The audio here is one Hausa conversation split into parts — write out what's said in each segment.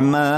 الرحمن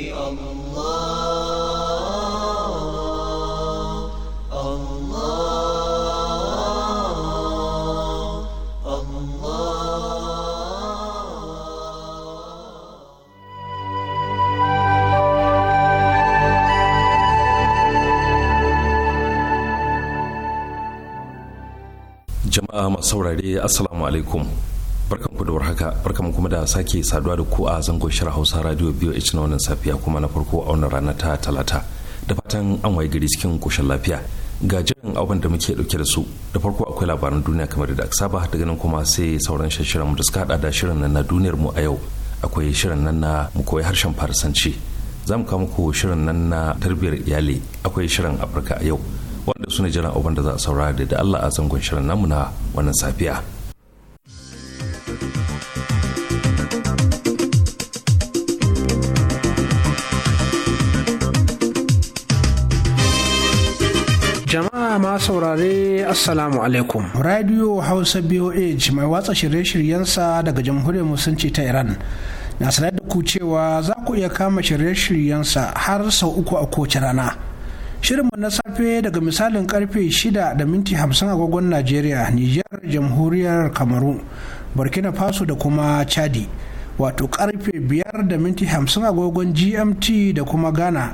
jama'a masu saurare assalamu alaikum barkan ku da warhaka barkan kuma da sake saduwa da ku a zango shirin hausa radio biyu h na wannan safiya kuma na farko a wannan rana ta talata da fatan an waye gari cikin koshin lafiya ga jiran abin da muke dauke da su da farko akwai labaran duniya kamar da aka saba daga nan kuma sai sauran shirin mu da suka hada da shirin nan na duniyar mu a yau akwai shirin nan na mu koyi harshen farisanci za mu kawo muku shirin nan na tarbiyyar iyali akwai shirin afirka a yau wanda su ne jiran abin da za a saurara da Allah a zangon shirin namu na wannan safiya. Jama'a ma saurare Assalamu alaikum. Radio Hausa BOH mai watsa shirye-shiryensa daga Jamhuriyar Musulunci ta Iran. Na sanar da ku cewa za ku iya kama shirye-shiryensa har sau uku a kowace rana. Shirinmu na safe daga misalin karfe 6 da minti 50 agogon Najeriya, Nijar, Jamhuriyar Kamaru, Burkina Faso da kuma Chadi. Wato karfe 5 da minti 50 agogon GMT da kuma Ghana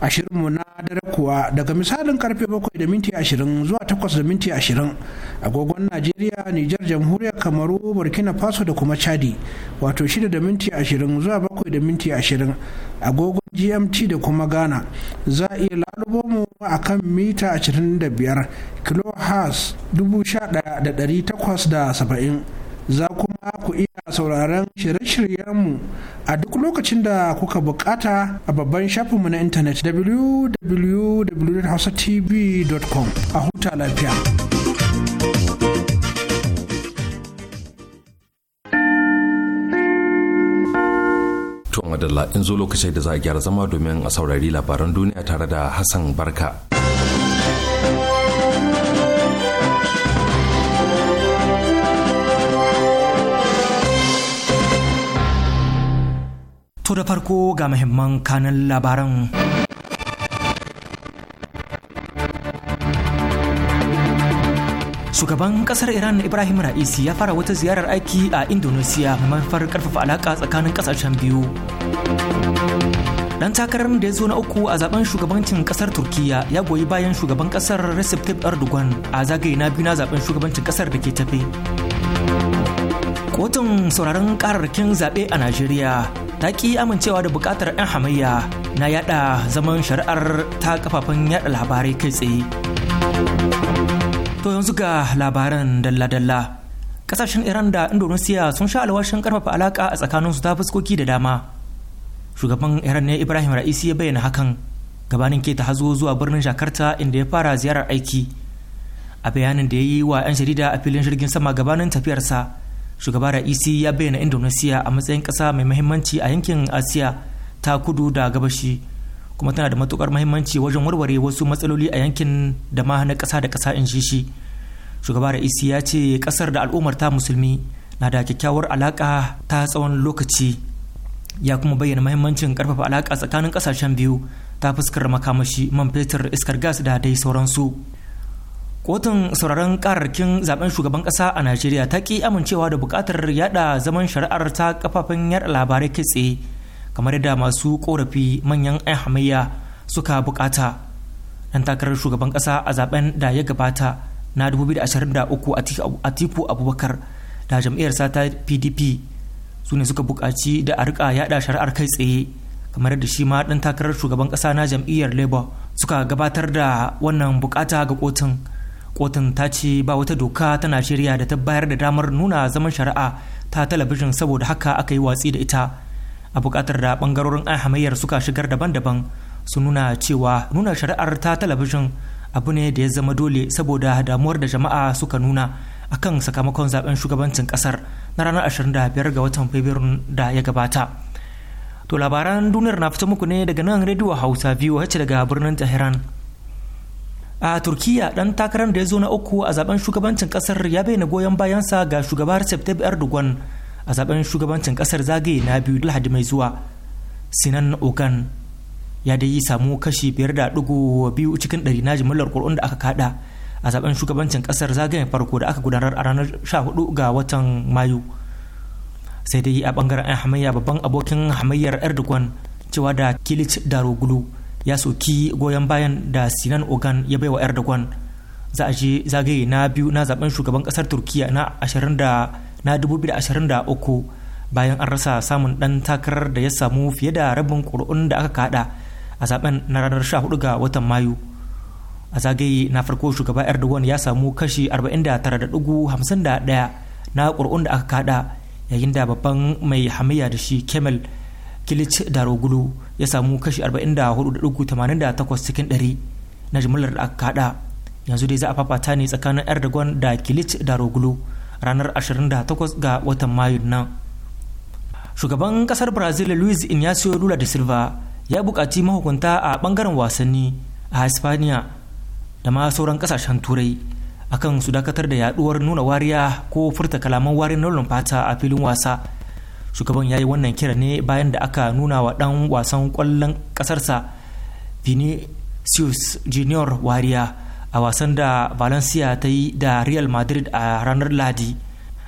ashirinmu na dare kuwa daga misalin karfe 7 da minti 20 zuwa 8 da minti 20 agogon najeriya nijar jamhuriyar kamaru burkina faso da kuma chadi wato 6 da minti 20 zuwa 7 da minti 20 agogon gmt da kuma ghana za a iya lalubo mu a kan mita 25 kilohertz 11870 za kuma ku iya sauraron shirye-shiryenmu a duk lokacin da kuka bukata a babban shafinmu na intanet www.hausatv.com a huta lafiya. To madalla in zo lokacin da za a gyara zama domin a saurari labaran duniya tare da Hassan Barka. To da farko ga muhimman kanan labaran. Shugaban kasar Iran Ibrahim Ra'isi ya fara wata ziyarar aiki a Indonesia mai manufar karfafa alaka tsakanin kasashen biyu. Dan takarar da ya zo na uku a zaben shugabancin kasar Turkiya ya goyi bayan shugaban kasar Recep Tayyip Erdogan a zagaye na biyu na zaben shugabancin kasar da ke tafe. rahotun sauraron kararrakin zaɓe a najeriya ta ki amincewa da buƙatar 'yan hamayya na yada zaman shari'ar ta kafafen yada labarai kai tsaye to yanzu ga labaran dalla-dalla kasashen iran da indonesia sun sha alwashin karfafa alaka a tsakanin su ta fuskoki da dama shugaban iran ne ibrahim ra'isi ya bayyana hakan gabanin ke ta hazo zuwa birnin jakarta inda ya fara ziyarar aiki a bayanin da ya yi wa 'yan jarida a filin jirgin sama gabanin tafiyarsa shugaba ra'isi ya bayyana indonesiya a matsayin ƙasa mai mahimmanci a yankin asiya ta kudu da gabashi kuma tana da matukar mahimmanci wajen warware wasu matsaloli a yankin da ma na kasa da kasa in shi shugaba ra'isi ya ce kasar da al'ummar ta musulmi na da kyakkyawar alaka ta tsawon lokaci ya kuma bayyana mahimmancin karfafa alaka tsakanin ƙasashen biyu ta fuskar makamashi man fetur iskar gas da dai sauransu kotun sauraron kararrakin zaben shugaban kasa a najeriya ta ki amincewa da bukatar yada zaman shari'ar ta kafafen yada labarai kai tsaye kamar yadda masu korafi manyan 'yan hamayya suka bukata dan takarar shugaban kasa a zaben da ya gabata na 2023 tiku abubakar da jam'iyyarsa sata pdp su ne suka bukaci da a rika yada shari'ar kai tsaye kamar da shi ma dan takarar shugaban kasa na jam'iyyar labour suka gabatar da wannan bukata ga kotun kotun ta ce ba wata doka tana najeriya da ta bayar da damar nuna zaman shari'a ta talabijin saboda haka aka yi watsi da ita a bukatar da bangarorin an hamayyar suka shigar daban-daban su nuna cewa nuna shari'ar ta talabijin abu ne da ya zama dole saboda damuwar da jama'a suka nuna akan sakamakon zaben shugabancin kasar na ranar 25 ga watan fabrairun da ya gabata to labaran duniyar na fito muku ne daga nan rediyo hausa biyu wacce daga birnin tehran a turkiyya ɗan takarar da ya zo na uku a zaben shugabancin kasar ya bayyana goyon bayansa ga shugaba recep tayyip erdogan a zaben shugabancin kasar zagaye na biyu lahadi mai zuwa sinan ogan ya dai samu kashi biyar da ɗigo biyu cikin ɗari na jimillar kur'un da aka kada a zaben shugabancin kasar zagayen farko da aka gudanar a ranar 14 ga watan mayu sai dai a bangaren 'yan hamayya babban abokin hamayyar erdogan cewa da kilic daroglu ya soki goyon bayan da sinan ogan ya baiwa erdogan za a je zagaye na biyu na zaben shugaban kasar turkiya na 2023 bayan an rasa samun dan takarar da ya samu fiye da rabin ƙuri'un da aka kada a zaben na ranar 14 ga watan mayu a zagaye na farko shugaba erdogan ya samu kashi 49.51 na ƙuri'un da aka kada yayin da babban mai hamayya da shi kemal kilic darogulu ya samu kashi 44.88 cikin 100 na jimillar da aka hada yanzu dai za a fafata ne tsakanin erdogan da kilic da roglu ranar 28 ga watan mayu nan shugaban kasar brazil luis inacio lula da silva ya bukaci mahukunta a bangaren wasanni a hispania da ma sauran kasashen turai akan su dakatar da yaduwar nuna wariya ko furta kalaman warin launin fata a filin wasa shugaban ya yi wannan kira ne bayan da aka nuna wa dan wasan kwallon kasarsa vinicius junior wariya a wasan da valencia ta yi da real madrid a ranar ladi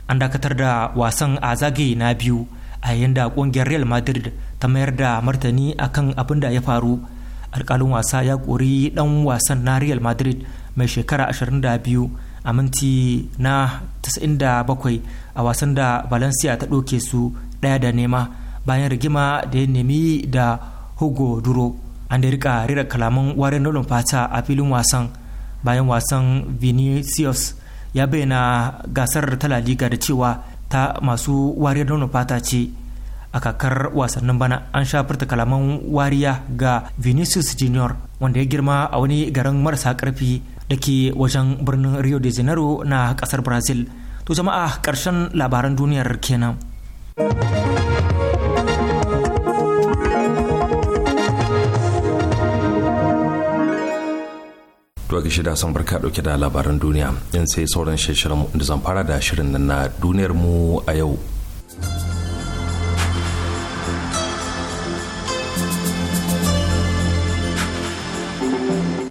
an dakatar da wasan a zagaye na biyu a yayin da kungiyar real madrid ta mayar da martani akan abin da ya faru alkalin wasa ya kori dan wasan na real madrid mai shekara 22 a minti na 97 a wasan da valencia ta doke su daya da nema bayan rigima da ya nemi da hugo duro an da rika rira kalaman warin nolan fata a filin wasan bayan wasan vinicius ya bayyana gasar ta liga da cewa ta masu wariyar nolan fata ce a kakar wasannin bana an sha furta kalaman wariya ga vinicius junior wanda ya girma a wani garin marasa karfi da ke wajen birnin rio de janeiro na kasar brazil to jama'a karshen labaran duniyar kenan. Tuwa shida sun barka dauke da labaran duniya in sai sauran shirin da zan fara da shirin nan na duniyar mu a yau.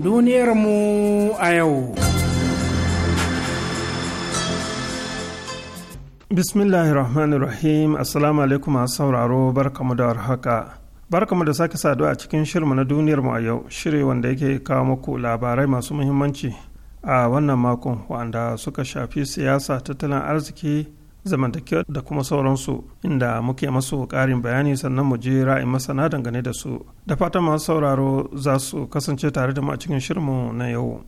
Duniyar mu a yau. bismillahir rahmanir rahim assalamu alaikum masu sauraro barkamu da warhaka barkamu da sake saduwa a cikin shirmu na duniyar mu a yau shiri wanda yake kawo muku labarai masu muhimmanci a wannan makon wanda suka shafi siyasa tattalin arziki zamantakewa da kuma sauransu inda muke masu ƙarin bayani sannan mu je ra'ayin masana dangane da su da fatan masu sauraro za su kasance tare da mu a cikin shirmu na yau.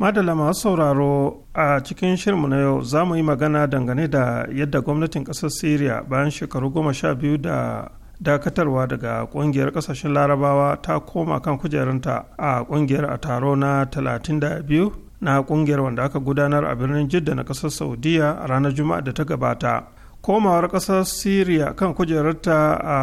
madala masu sauraro a cikin shirmu na yau za mu yi magana dangane da yadda gwamnatin kasar syria bayan shekaru goma sha biyu da dakatarwa daga kungiyar kasashen larabawa ta koma kan kujerunta a kungiyar a taro na 32 na kungiyar wanda aka gudanar a birnin jidda na kasar saudiya a ranar juma'a da ta gabata komawar kasar syria kan kujerarta a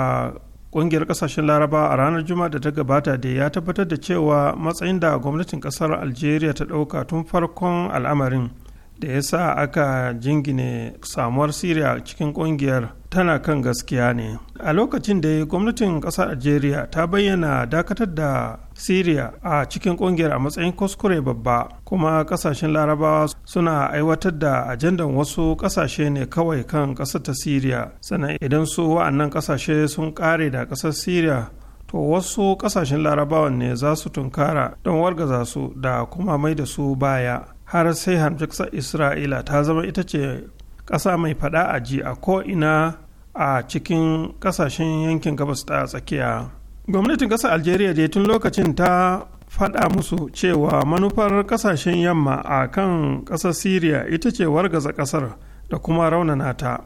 ƙungiyar ƙasashen laraba a ranar juma'a da ta gabata da ya tabbatar da cewa matsayin da gwamnatin ƙasar algeria ta ɗauka tun farkon al'amarin da ya sa aka jingine samuwar syria cikin kungiyar tana kan gaskiya ne a lokacin da gwamnatin ƙasar algeria ta bayyana dakatar da syria a cikin kungiyar a matsayin kuskure babba kuma ƙasashen larabawa suna aiwatar da ajandan wasu ƙasashe ne kawai kan ƙasar ta syria sannan idan su wa'annan ƙasashe sun ƙare da ƙasar syria to wasu ƙasashen larabawan ne za su tunkara don wargaza su da kuma mai da su baya har sai hamshe isra'ila ta zama ita ce ƙasa mai faɗa a ji a ko'ina a cikin ƙasashen yankin gabas ta tsakiya gwamnatin ƙasar algeria dai tun lokacin ta faɗa musu cewa manufar ƙasashen yamma a kan ƙasar syria ita ce wargaza ƙasar da kuma raunana ta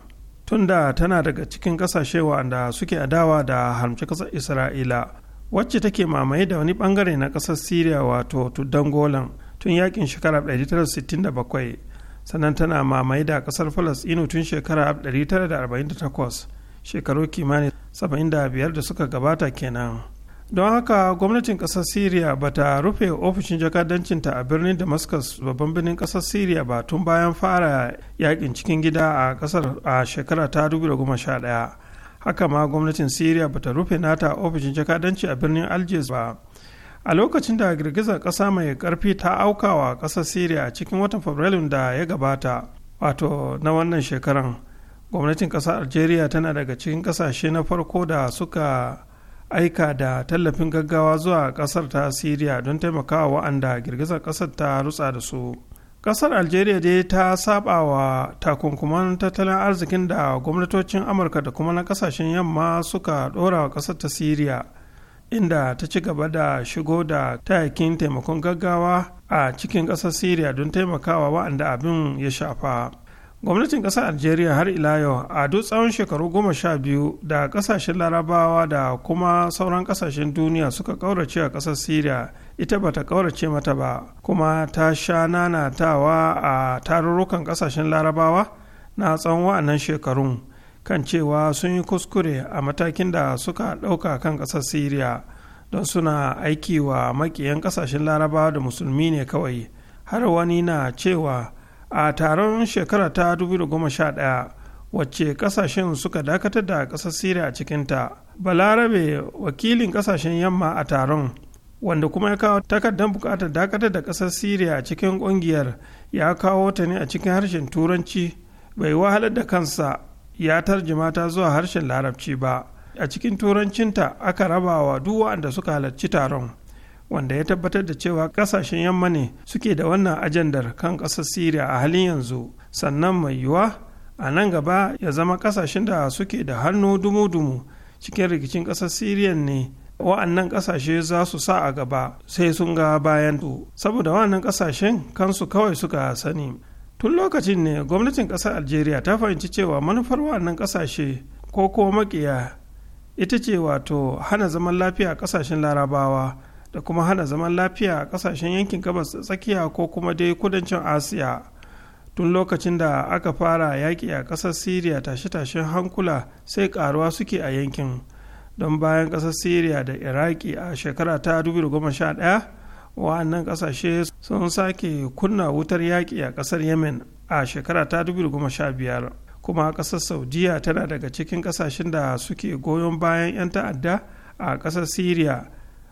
da tana daga cikin ƙasashe wanda suke adawa da harmci ƙasar isra'ila wacce take mamaye da wani ɓangare na ƙasar syria wato tuddan golan tun yakin shekarar 1967 sannan tana mamaye da kasar falasɗinu tun shekarar 1948 shekaru kimanin 75 da suka gabata kenan don haka gwamnatin kasar syria ba ta rufe ofishin jakadancinta a birnin damascus babban birnin kasar syria ba tun bayan fara yakin cikin gida a kasar a shekara ta 2011 haka ma gwamnatin syria ba ta rufe nata ofishin jakadanci a birnin algiers ba a lokacin da girgizar ƙasa mai karfi ta aukawa kasar syria cikin watan fabrilun da ya gabata wato na wannan shekaran gwamnatin kasar algeria tana daga cikin kasashe na farko da suka aika da tallafin gaggawa zuwa kasar ta syria don taimakawa wa'anda girgizar kasar ta rutsa da su kasar algeria dai ta saba wa takunkuman tattalin arzikin da gwamnatocin amurka da kuma na kasashen yamma suka ɗora wa kasar ta syria inda ta ci gaba da shigo da tayakin taimakon gaggawa a cikin ƙasar syria don taimakawa wa'anda abin ya shafa gwamnatin ƙasar algeria har ila yau a duk tsawon shekaru goma sha biyu da ƙasashen larabawa da kuma sauran ƙasashen duniya suka ƙaurace a ƙasar syria ita ba ta ƙaurace mata ba kuma ta sha nanatawa a tarurrukan ƙasashen larabawa na tsawon wa'annan shekarun kan cewa sun yi kuskure a matakin da suka ɗauka kan ƙasar syria don suna aiki wa makiyan ƙasashen larabawa da musulmi ne kawai har wani na cewa a taron shekara ta 2011 wacce ƙasashen suka dakatar da ƙasar syria a cikinta balarabe wakilin ƙasashen yamma a taron wanda kuma ya kawo takardar buƙatar dakatar da ƙasar syria cikin ƙungiyar ya kawo ta ne a cikin harshen turanci bai wahalar da kansa ya tarjima ta zuwa harshen larabci ba a cikin turancinta aka raba wa duk waɗanda suka halarci taron wanda ya tabbatar da cewa ƙasashen yamma ne suke da wannan ajandar kan ƙasar siriya a halin yanzu sannan mai yiwuwa a nan gaba ya zama ƙasashen da suke da hannu dumu-dumu cikin rikicin ƙasar siriyan ne wa'annan ƙasashe za su sa a gaba sai sun ga bayan saboda wa'annan ƙasashen kansu kawai suka sani tun lokacin ne gwamnatin ƙasar algeria ta fahimci cewa manufar wannan kasashe ko kuma makiya ita ce wato hana zaman lafiya a ƙasashen larabawa da kuma hana zaman lafiya a ƙasashen yankin gabas tsakiya ko kuma dai kudancin asiya tun lokacin da aka fara yaƙi a ƙasar syria tashe-tashen hankula sai ƙaruwa suke a yankin don bayan ƙasar syria da iraki a shekara ta 2011 wa'annan kasashe sun sake kunna wutar yaƙi a ƙasar yemen a shekara ta 2015 kuma ƙasar saudiya tana daga cikin ƙasashen da suke goyon bayan 'yan ta'adda a ƙasar syria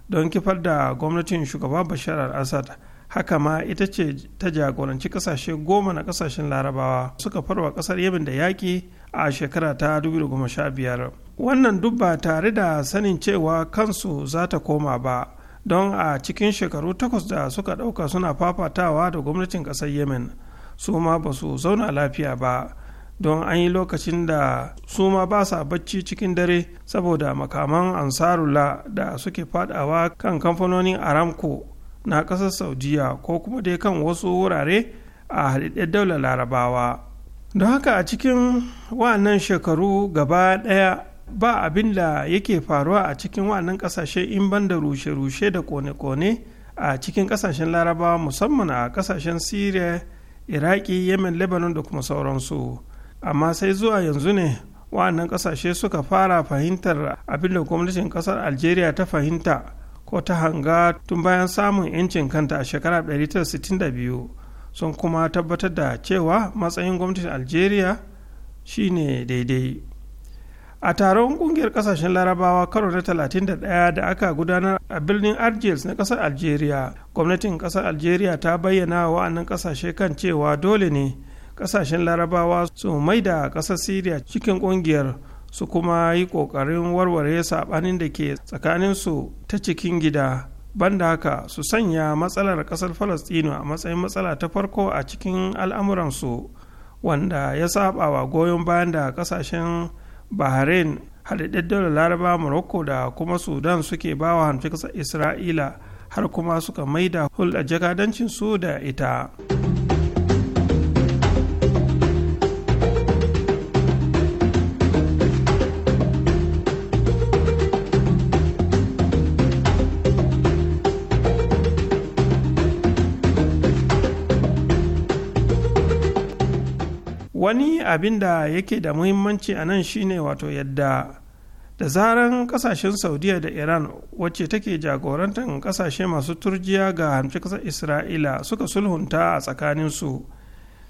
don kifar da gwamnatin shugaba bashar al-assad haka ma ita ce ta jagoranci ƙasashe goma na ƙasashen larabawa suka farwa ƙasar yemen da yaƙi a shekara ta 2015 wannan duk ba tare da sanin cewa kansu za ta koma ba don a cikin shekaru takwas da suka ɗauka suna fafatawa da gwamnatin ƙasar yemen su ma ba su zauna lafiya ba don an yi lokacin da su ma ba sa bacci cikin dare saboda makaman ansarula da suke fadawa kan kamfanonin aramco na ƙasar saudiya ko kuma dai kan wasu wurare a haɗaɗɗen daular larabawa don haka a cikin wannan shekaru gaba ɗaya ba abin da yake faruwa a cikin wa'annan kasashe in ban da rushe-rushe da kone-kone a cikin ƙasashen larabawa musamman a ƙasashen syria iraki yemen lebanon da kuma sauransu amma sai zuwa yanzu ne wa'annan ƙasashe suka fara fahimtar abin da gwamnatin ƙasar algeria ta fahimta ko ta hanga tun bayan samun 'yancin kanta a shekarar 1962 sun kuma tabbatar da cewa matsayin gwamnatin algeria shine daidai a taron kungiyar kasashen larabawa karo na 31 da aka gudanar a birnin algiers na kasar algeria gwamnatin kasar algeria ta bayyana wa'annan kasashe kan cewa dole ne kasashen larabawa su maida kasar syria cikin kungiyar su kuma yi kokarin warware sabanin da ke tsakaninsu ta cikin gida banda haka su sanya matsalar kasar falastino a matsayin matsala ta farko a cikin al'amuransu wanda ya saba wa goyon bayan da kasashen bahrain haɗaɗɗen daular laraba morocco da kuma sudan suke bawa hanfi isra'ila har kuma suka maida hulɗar jakadancin su da ita. wani abin da yake da muhimmanci a nan shine wato yadda da zaran kasashen saudiya da iran wacce take jagorantar kasashe masu turjiya ga hamci kasar isra'ila suka sulhunta a tsakaninsu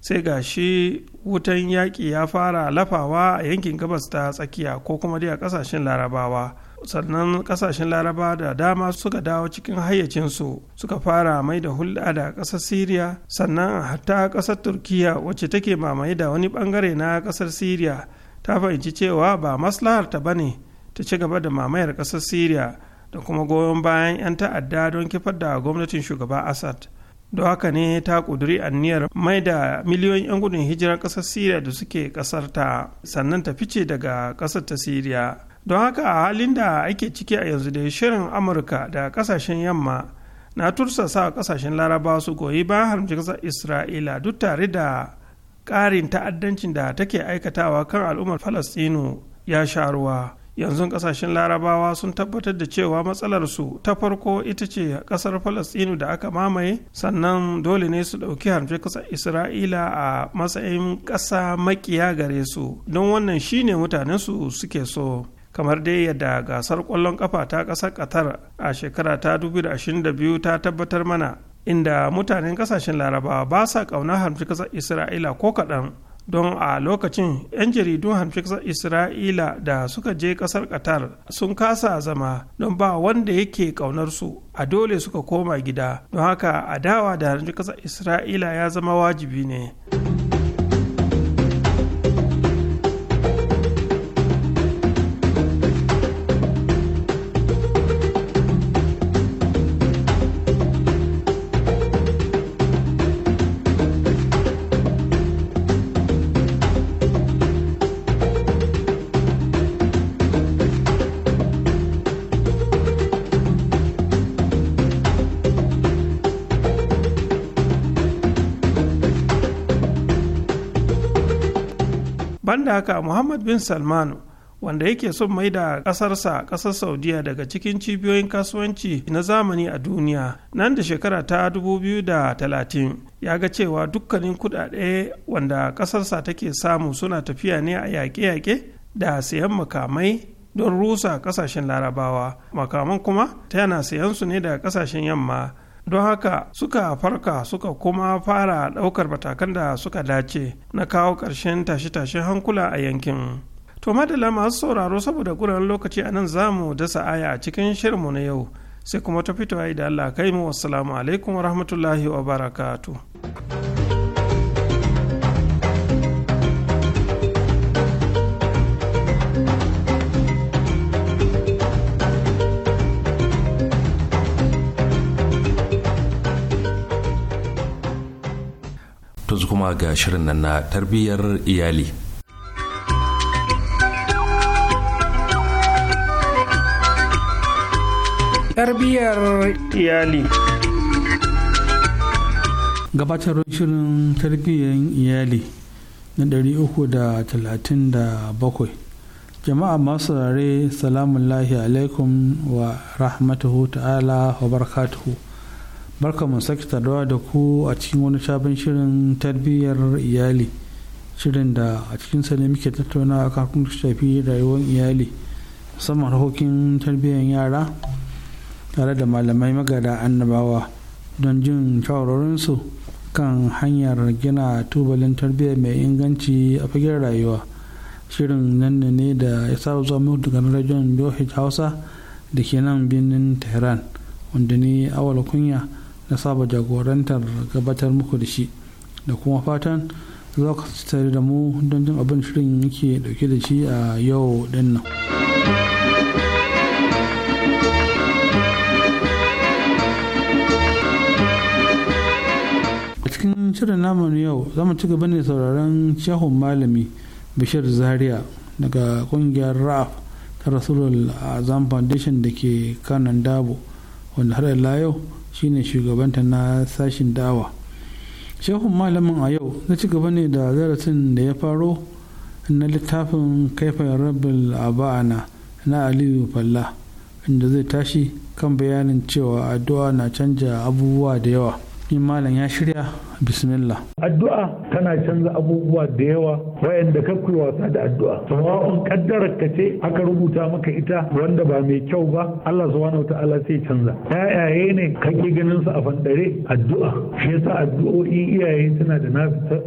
sai ga shi wutan yaƙi ya fara lafawa a yankin gabas ta tsakiya ko kuma dai a kasashen larabawa sannan kasashen laraba da dama suka dawo cikin hayyacinsu suka fara mai da hulɗa da ƙasar siriya sannan hatta ƙasar turkiya wacce take mamaye da wani bangare na ƙasar siriya ta fahimci cewa ba maslaharta ba ne ta ci gaba da mamayar ƙasar siriya da kuma goyon bayan 'yan ta'adda don kifar da gwamnatin shugaba assad don haka ne ta ƙuduri anniyar mai da miliyoyin 'yan gudun hijirar ƙasar siriya da suke ƙasar ta sannan ta fice daga ƙasar ta siriya don haka a halin da ake ciki a yanzu da shirin amurka da kasashen yamma na tursasa kasashen larabawa su goyi bayan haramci kasar isra'ila duk tare da ƙarin ta'addancin da take aikatawa kan al'ummar falastinu ya sha ruwa. yanzu kasashen larabawa sun tabbatar da cewa matsalar su ta farko ita ce kasar falastinu da aka mamaye sannan dole ne su ɗauki harfe kasar isra'ila a matsayin ƙasa makiya gare su don wannan shine mutanensu suke so kamar dai yadda gasar kwallon kafa ta ƙasar qatar a shekara ta 2022 ta tabbatar mana inda mutanen kasashen larabawa ba sa ƙauna harmci kasar isra'ila ko kaɗan don a lokacin 'yan jaridun hamshin kasar isra'ila da suka je ƙasar qatar sun kasa zama don ba wanda yake su a dole suka koma gida don haka adawa da hamshin kasar isra'ila ya zama wajibi ne. da haka muhammad bin salman wanda yake son mai da ƙasarsa ƙasar saudiya daga cikin cibiyoyin kasuwanci na zamani a duniya nan da shekara ta 2030 ya ga cewa dukkanin kudade wanda ƙasarsa take samu suna tafiya ne a yaƙe-yaƙe da sayan makamai don rusa ƙasashen larabawa makaman kuma tana sayan su ne daga ƙasashen yamma don haka suka farka suka kuma fara ɗaukar matakan da suka dace na kawo ƙarshen tashe-tashen hankula a yankin to madalla masu sauraro saboda guran lokaci a nan za mu dasa aya a cikin shirinmu na yau sai kuma ta fitowa idan allah kai mu wasu alaikum wa rahmatullahi wa barakatuh kuma ga shirin nan na tarbiyyar iyali tarbiyyar iyali gabatar shirin tarbiyyar iyali na 337 jama'a masu rare salamun lahi alaikum wa rahmatuhu ta'ala wa barakatuhu barka mu ta rawa da ku a cikin wani sabon shirin tarbiyyar iyali shirin da a sa ne muke tattauna a kakun shafi rayuwar iyali sama harkokin tarbiyyar yara tare da malamai magada annabawa don jin shawararinsu kan hanyar gina tubalin tarbiyya mai inganci a fagen rayuwa shirin nan ne da ya saba zuwa mu daga rajon hausa da ke nan birnin tehran wanda ni awal kunya na saba jagorantar gabatar muku da shi da kuma fatan za ku tare da mu don jin abin shirin yake dauke da shi a yau din a cikin shirin namu yau za mu ci gaba ne sauraron shehun malami bishir zaria daga kungiyar raf ta rasulul azam foundation da ke kanan dabo wanda har yau shine shugabanta na sashin dawa shehun malamin a yau na ci gaba ne da darasin da ya faro na littafin kaifin rabin abana na aliyu falla inda zai tashi kan bayanin cewa addu'a na canja abubuwa da yawa in malam ya shirya bismillah addu'a tana canza abubuwa da yawa wayanda ka kuwa wasa da addu'a sawa'un kaddarar ka ce aka rubuta maka ita wanda ba mai kyau ba Allah subhanahu ta'ala sai canza yayaye ne kake ganin su a fandare addu'a shi yasa addu'o'i iyaye suna da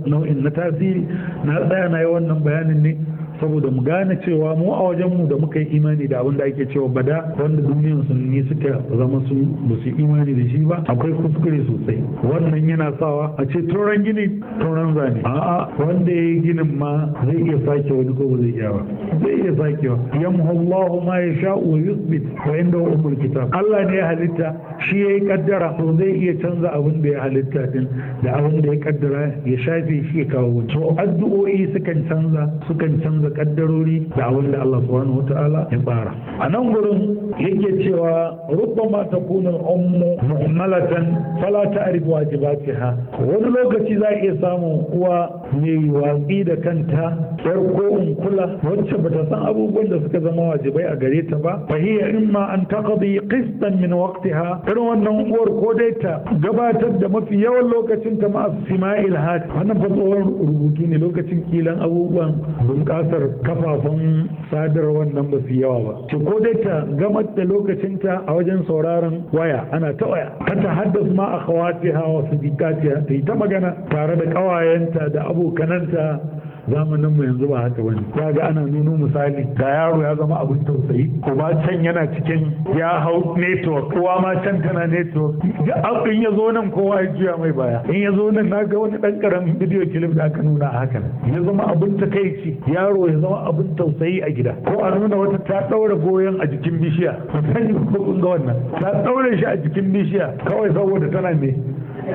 nau'in na tasiri na tsaya na yi wannan bayanin ne saboda mu gane cewa mu a wajenmu da muka yi imani da abin da ake cewa bada wanda duniyan ni suka zama sun ba imani da shi ba akwai kuskure sosai wannan yana sawa a ce turan gini turan zane a'a wanda ya yi ginin ma zai iya sake wani ko ba zai iya ba zai iya sakewa yamhallahu ma ya sha wa yuthbit wa inda umul kitab Allah ne ya halitta shi ya yi kaddara to zai iya canza abin da ya halitta din da abin da ya kaddara ya shafe shi ya kawo to addu'o'i sukan canza sukan canza kaddarori da abin da Allah subhanahu wataala ya fara a nan gurin yake cewa rubbama takunu al-ummu mu'malatan fala ta'rifu wajibatiha wani lokaci za a iya samun uwa mai watsi da kanta yar ko in kula wacce bata san abubuwan da suka zama wajibai a gare ta ba fa hiya imma an taqdi qistan min waqtiha irin wannan uwar ko dai ta gabatar da mafi yawan lokacin ta ma sima'il hat wannan fa tsohon rubutu ne lokacin kilan abubuwan bunƙasar kafafen sadarwar nan ba su yawa ba to ko dai ta gamar da lokacin ta a wajen sauraron waya ana ta waya ta haddasa ma kawatiha wasu sadiqatiha ta ta magana tare da ƙawayenta da abokananta zamanin mu yanzu ba haka bane ya ga ana nuno misali ga yaro ya zama abin tausayi ko ba can yana cikin ya hau network kowa ma can tana network da in ya zo nan kowa ya juya mai baya in ya zo nan naga wani dan karamin bidiyo clip da aka nuna a haka ya zama abin takeici yaro ya zama abin tausayi a gida ko a nuna wata ta daura goyon a jikin bishiya sani ko kun ga wannan ta daura shi a jikin bishiya kawai saboda tana me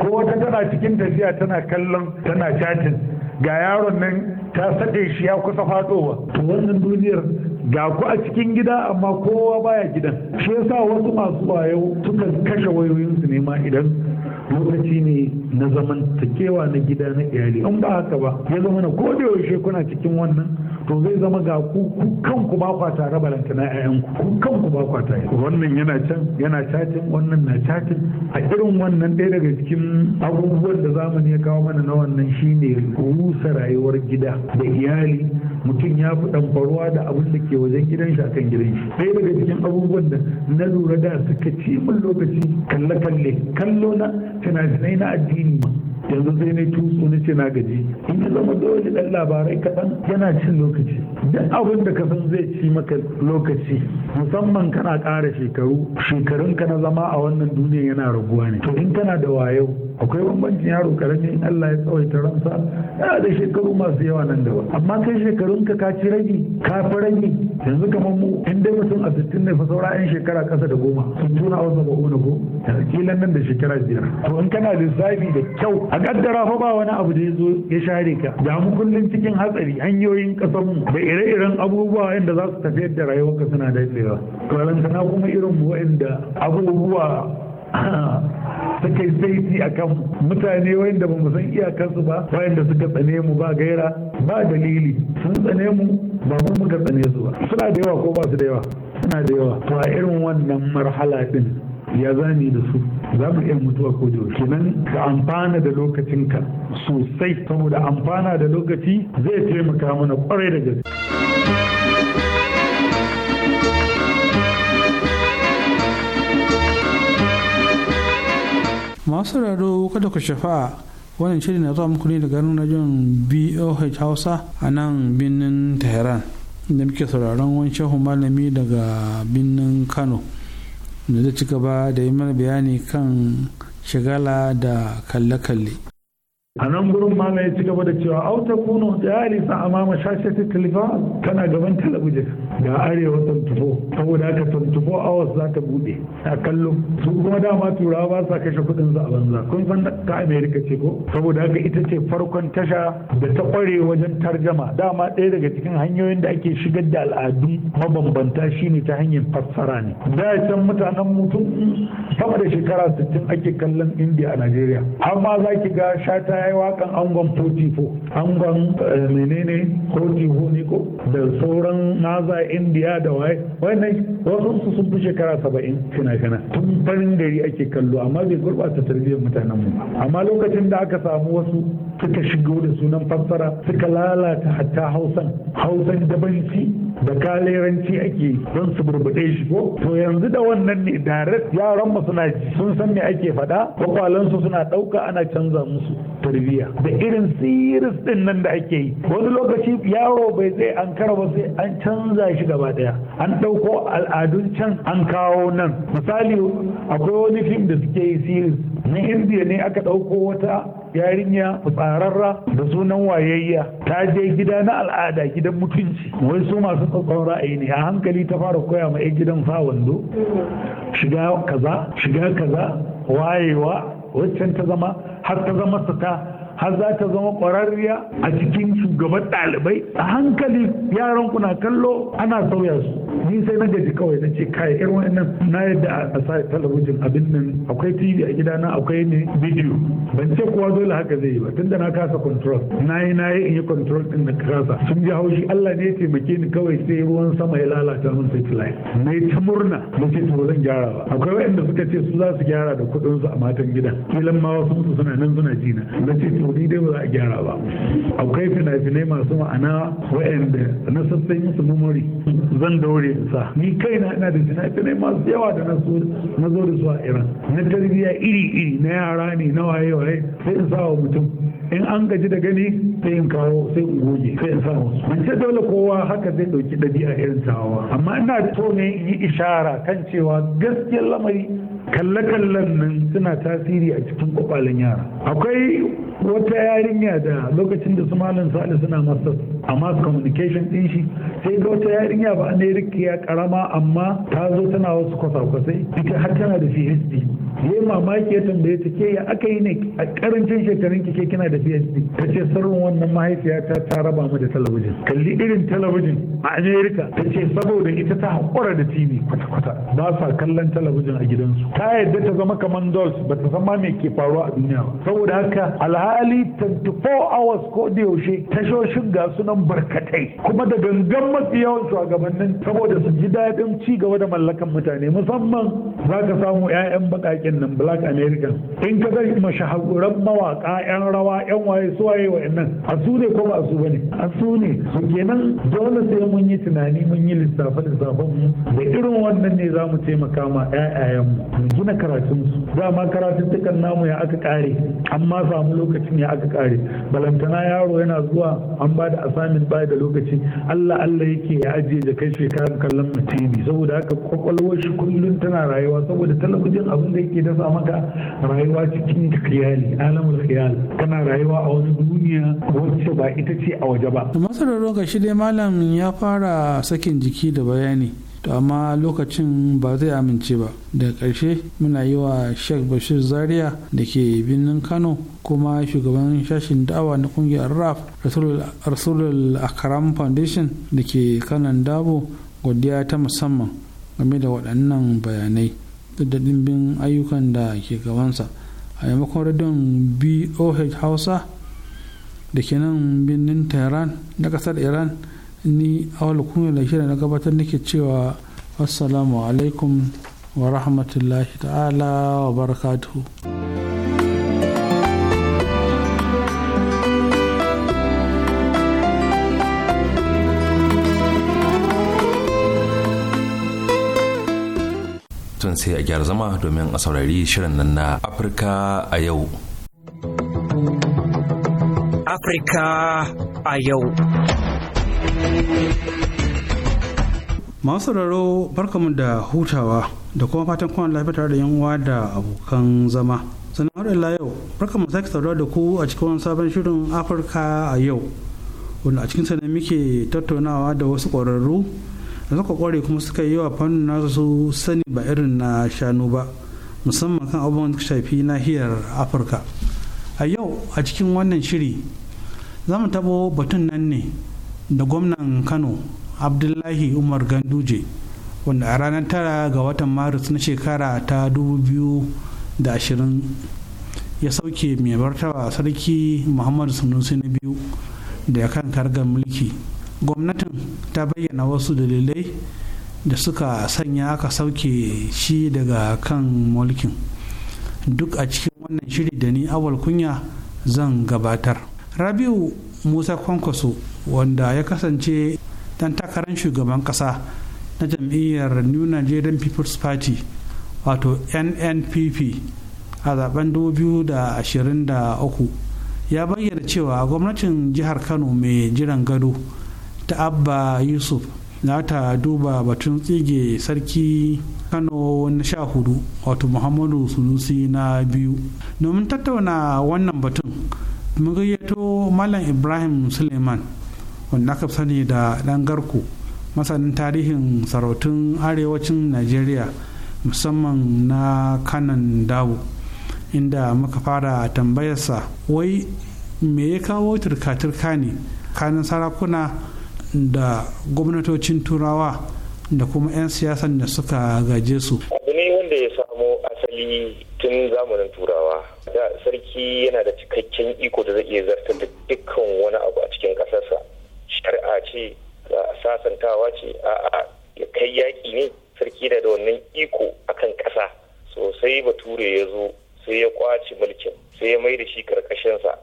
ko wata tana cikin tafiya tana kallon tana catin. ga yaron nan ta sade shi ya kusa fadowa to wannan duniyar ga ku a cikin gida amma kowa baya gidan shi yasa wasu masu wayo sukan kashe wayoyinsu ne ma idan lokaci ne na zaman takewa na gida na iyali in ba haka ba ya zama na yaushe kuna cikin wannan to zai zama ga ku kanku ba kwa tare balanta na ku kanku ba kwa wannan yana can yana chatin wannan na chatin a irin wannan ɗaya daga cikin abubuwan da zamani ya kawo mana na wannan shine rusa rayuwar gida da iyali mutum ya fi ɗanfarwa da abin da ke wajen gidan shi akan gidan shi ɗaya daga cikin abubuwan da na lura da suka ci min lokaci kalle-kalle kallo na fina-finai na addini yanzu sai na tusu na ce na gaji in ya zama dole dan labarai kaɗan yana cin lokaci duk abin da ka san zai ci maka lokaci musamman kana ƙara shekaru shekarun ka na zama a wannan duniya yana raguwa ne to in kana da wayo akwai bambancin yaro karami in Allah ya tsawaita ransa yana da shekaru masu yawa nan gaba amma kai shekarun ka ka ci ragi ka fi ragi yanzu kamar mu in dai mutum a ne fa saura yan shekara kasa da goma sun tuna wasu ba'u da ko yanzu nan da shekara biyar to in kana lissafi da kyau a kaddara fa ba wani abu da ya zo ya share ka da mu kullum cikin hatsari hanyoyin kasanmu da ire-iren abubuwa wanda za su tafiyar da rayuwarka suna daɗewa karantana kuma irin mu wa'inda abubuwa suka yi zaiti a kan mutane wanda ba mu san iyakarsu ba wanda suka tsane mu ba gaira ba dalili sun tsane mu ba mu muka tsane su ba suna da yawa ko ba su da yawa suna da yawa to a irin wannan marhala din ya zani da su za mu iya mutuwa ko da nan ka amfana da lokacinka sosai saboda amfana da lokaci zai taimaka mana kwarai da gaske masu raro kada ku shafa wannan shirin na zuwa muku ne daga nuna jin boh hausa a nan birnin tehran da muke sauraron wani shehu malami daga birnin kano da ci gaba da yi mana bayani kan shigala da kalle-kalle a nan gurin mala ya ci gaba da cewa auta kuno da yari sa amama shashe ta talifa tana gaban talabijin ga arewa tantufo saboda haka tantufo awas za ta bude a kallon su kuma dama turawa ba sa kashe kudin za a banza kun san ta Amerika ce ko saboda haka ita ce farkon tasha da ta kware wajen tarjama dama ɗaya daga cikin hanyoyin da ake shigar da al'adu mabambanta shine ta hanyar fassara ne da can mutanen mutum sama da shekara 60 ake kallon indiya a najeriya har ma za ki ga shata yi wakan angon 44 angon eh, menene 44 ne ko da sauran naza indiya da waye wannan wasu su sun fi shekara saba'in fina-fina tun farin gari ake kallo amma bai gurɓata tarbiyyar mutanen mu amma lokacin da aka samu wasu suka shigo da sunan fassara suka lalata hatta hausan hausan dabanci da kaleranci ake don su burbuɗe shi ko to yanzu da wannan ne direct yaran mu suna sun san me ake faɗa kwakwalansu suna ɗauka ana canza musu tarbiyya da irin siris din nan da ake yi wani lokaci yaro bai zai an kara ba sai an canza shi gaba daya an dauko al'adun can an kawo nan misali akwai wani fim da suke yi siris na indiya ne aka dauko wata yarinya tsararra da sunan wayayya ta je gida na al'ada gidan mutunci wai su masu tsatson ra'ayi ne a hankali ta fara koya ma 'yan gidan sa wando shiga kaza shiga kaza wayewa waccan ta zama har ta zama ta har za ta zama ƙwararriya a cikin shugaban ɗalibai a hankali yaran ku na kallo ana sauya su ni sai na gaji kawai na ce kai irin wannan na yadda a sa talabijin abin nan akwai tv a gidana akwai ne bidiyo ban ce kuwa dole haka zai yi ba tunda na kasa control na yi na yi in yi control din na kasa sun ji haushi Allah ne ya taimake ni kawai sai ruwan sama ya lalata mun satellite na yi ta murna na ce to zan gyara ba akwai wanda suka ce su za su gyara da kuɗin su a matan gidan kilan ma wasu suna nan suna jina na ce to ni dai ba za a gyara ba akwai fina-finai masu ma'ana Da na sassan musu mamari. zan daure in sa ni kaina ina da fina-finai masu yawa da na zo da su a iran na tarbiyya iri-iri na yara ne na waye-waye sai in sa wa mutum in an gaji da gani sai in kawo sai in goge sai in sa musu ban dole kowa haka zai ɗauki ɗabi'a irin tawa amma ina so ne in yi ishara kan cewa gaskiyar lamari kalle-kallen nan suna tasiri a cikin kwakwalen yara akwai wata yarinya da lokacin da su malam sale suna masa a mass communication din shi sai ga wata yarinya ba ne ya karama amma ta zo tana wasu kwasa-kwasai ita har tana da phd yayi mamaki ya tambaye ta ke ya aka yi ne a karancin shekarun kike kina da phd ta ce sirrin wannan mahaifiyata ta raba mu da talabijin kalli irin talabijin a Amerika. ta ce saboda ita ta haƙura da tv kwata-kwata ba sa kallon talabijin a gidansu ta yadda ta zama kamar dolls ba ta zama mai ke faruwa a duniya ba saboda haka alhali 24 hours ko da yaushe tashoshin ga sunan barkatai kuma da gangan mafi yawan shugabannin saboda su ji daɗin ci gaba da mallakan mutane musamman za ka samu 'ya'yan baƙaƙen nan black american in ka ga mashahuran mawaƙa, 'yan rawa 'yan waye su waye wa'annan a su ne ko ba a su ba ne? a su ne su kenan dole sai mun yi tunani mun yi lissafe lissafen mu da irin wannan ne za mu taimaka ma 'ya'yayen mu gina karatun karatunsu dama tukan namu ya aka kare amma samu lokacin ya aka kare balantana yaro yana zuwa an ba da asamin ba da lokaci allah allah yake ya ajiye da kai shekaran kallon mu tv saboda haka kwakwalwar shi kullum tana rayuwa saboda talabijin abin da yake dasa maka rayuwa cikin khiyali alamul khiyal kana rayuwa a wani duniya wacce ba ita ce a waje ba. masarar lokaci dai malam ya fara sakin jiki da bayani to amma lokacin ba zai amince ba daga ƙarshe muna yi wa sheikh bashir zaria da ke birnin kano kuma shugaban shashin da'awa na kungiyar raf rasulul akram foundation da ke kanan dabo godiya ta musamman game da waɗannan bayanai da ɗimbin ayyukan da ke gabansa a maimakon radiyon boh hausa da ke nan birnin tehran na ƙasar iran ni awal kunya da shirin na gabatar nake cewa assalamu alaikum wa rahmatullahi ta'ala wa barakatuhu tun sai a gyara zama domin a saurari shirin nan na afirka a yau afirka a yau masu sauraro barkamu da hutawa da kuma fatan kwan lafiya tare da yan uwa da abokan zama sannan har ila yau barkamu sake sauraro da ku a cikin sabon shirin afirka a yau wanda a cikinsa ne muke tattaunawa da wasu ƙwararru da suka ƙware kuma suka yi wa fannin nasu sani ba irin na shanu ba musamman kan abubuwan da shafi nahiyar afirka a yau a cikin wannan shiri zamu mu tabo batun nan ne da gwamnan kano abdullahi umar ganduje wanda a ranar tara ga watan maris na shekara ta 2020 ya sauke mai martaba sarki muhammadu sanusi na biyu da ya kan kargar mulki gwamnatin ta bayyana wasu dalilai da suka sanya aka sauke shi daga kan mulkin duk a cikin wannan shiri da ni awal kunya zan gabatar rabiu musa kwankwaso wanda ya kasance dan takarar shugaban kasa na jam'iyyar new nigerian people's party wato nnpp a zaben 2023 ya bayyana cewa gwamnatin jihar kano mai jiran gado ta abba yusuf za ta duba batun tsige sarki kano na sha hudu wato muhammadu sunusi na biyu domin tattauna wannan batun mugayyato gayyato malam ibrahim suleiman wanda aka sani da ɗan garku masanin tarihin sarautun arewacin najeriya musamman na kanan dawo inda muka fara tambayarsa wai me ya kawo turka-turka ne kanin sarakuna da gwamnatocin turawa da kuma 'yan siyasan da suka gaje su abu ne wanda ya samo asali tun zamanin turawa da sarki yana da cikakken iko da zai iya zartar da sasantawa ce a ya kai yaƙi ne sarki da da wannan iko akan ƙasa sosai bature ya zo sai ya kwace mulkin sai ya mai da shi karkashinsa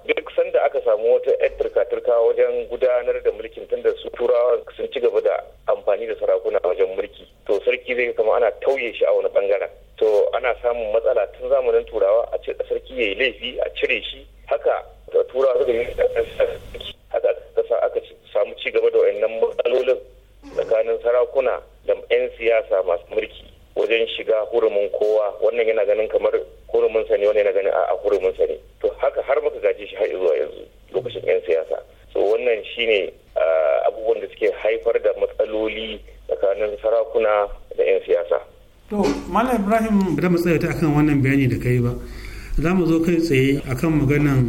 za mu zo kai tsaye a kan maganan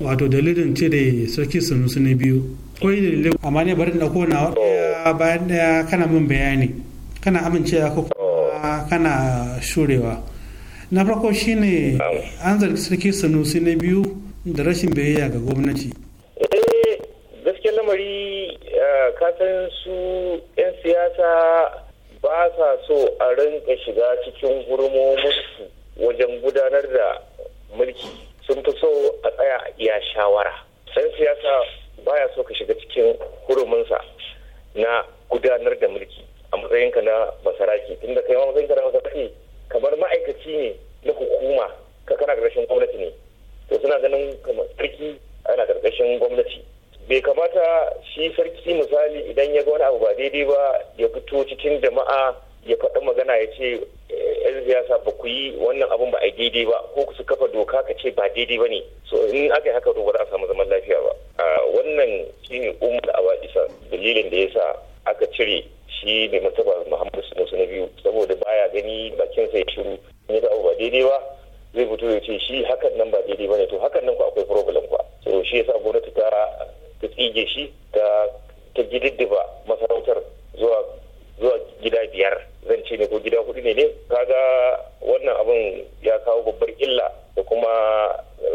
wato dalilin cire sarki sanusi na biyu kwai dalilin amma ne bari da kona ɗaya bayan ɗaya kana min bayani kana amincewa ko kana shurewa na farko shine an zargi sarki sanusi na biyu da rashin biyayya ga gwamnati misali idan ya ga wani abu ba daidai ba ya fito cikin jama'a ya faɗi magana ya ce eh, yan siyasa ba ku yi wannan abun ba a daidai ba ko ku su kafa doka ka ce ba daidai ba ne so in aka yi haka to ba za a samu zaman lafiya ba wannan shi ne umar da isa dalilin da ya sa aka cire shi mai mutaba muhammadu sunusu na biyu saboda baya gani bakin sai shiru ya ga abu ba daidai ba zai fito ya ce shi hakan nan ba daidai ba ne to hakan nan ku akwai problem ba so shi yasa gwamnati ta ta tsige shi ta ta gididdiba masarautar zuwa gida biyar zan ce ne ko gida hudu ne ne kaga wannan abin ya kawo babbar illa da kuma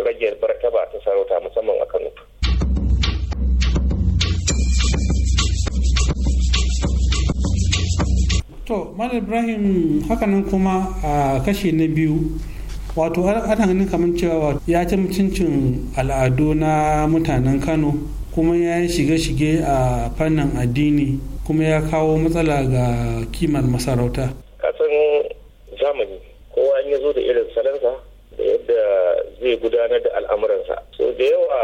rage martaba ta sarauta musamman a kano to mal ibrahim hakanan kuma a kashi na biyu wato ana ganin kamar cewa ya ci mutuncin al'adu na mutanen kano kuma ya yi shige-shige a fannin addini kuma ya kawo matsala ga kimar masarauta kasan zamani kowa ya zo da irin salansa da yadda zai gudanar da al'amuransa so da yawa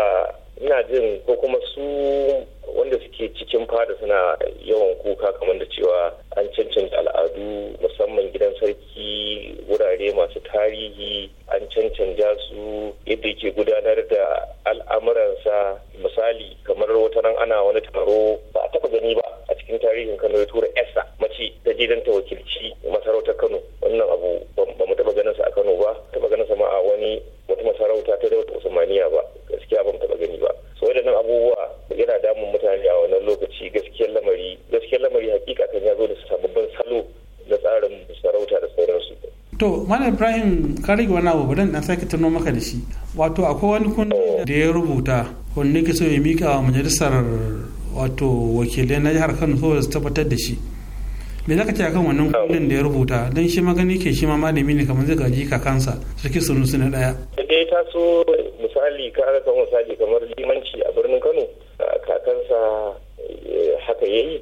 ina jin ko kuma su wanda suke cikin fada suna yawan kuka kamar da cewa an cancanta al'adu musamman gidan sarki wurare masu tarihi an cancanta su yadda yake gudanar da al'amuransa misali kamar wata nan ana wani taro ba a taɓa gani ba a cikin tarihin kano ya tura esa mace ta je ta wakilci masarautar kano wannan abu ba mu taɓa ganin sa a kano ba taɓa ganin sa ma a wani wata masarauta ta dauta usmaniya ba gaskiya ba mu taɓa gani ba waɗannan abubuwa yana damun mutane a wannan lokaci gaskiyar lamari gaskiyar lamari hakika kan ya zo da sababbin salo na tsarin sarauta da sauransu to mana ibrahim ka rage wani abu bari dan sake tuno maka da shi wato akwai wani kun da ya rubuta wanda ke so ya mika wa majalisar wato wakilai na jihar kano saboda su tabbatar da shi me zaka ce akan wannan kullin da ya rubuta don shi magani ke shi ma malami ne kamar zai gaji kakansa suke sunusu na daya dai ta so misali ka aka misali kamar limanci a birnin kano kakansa eh, haka ya yi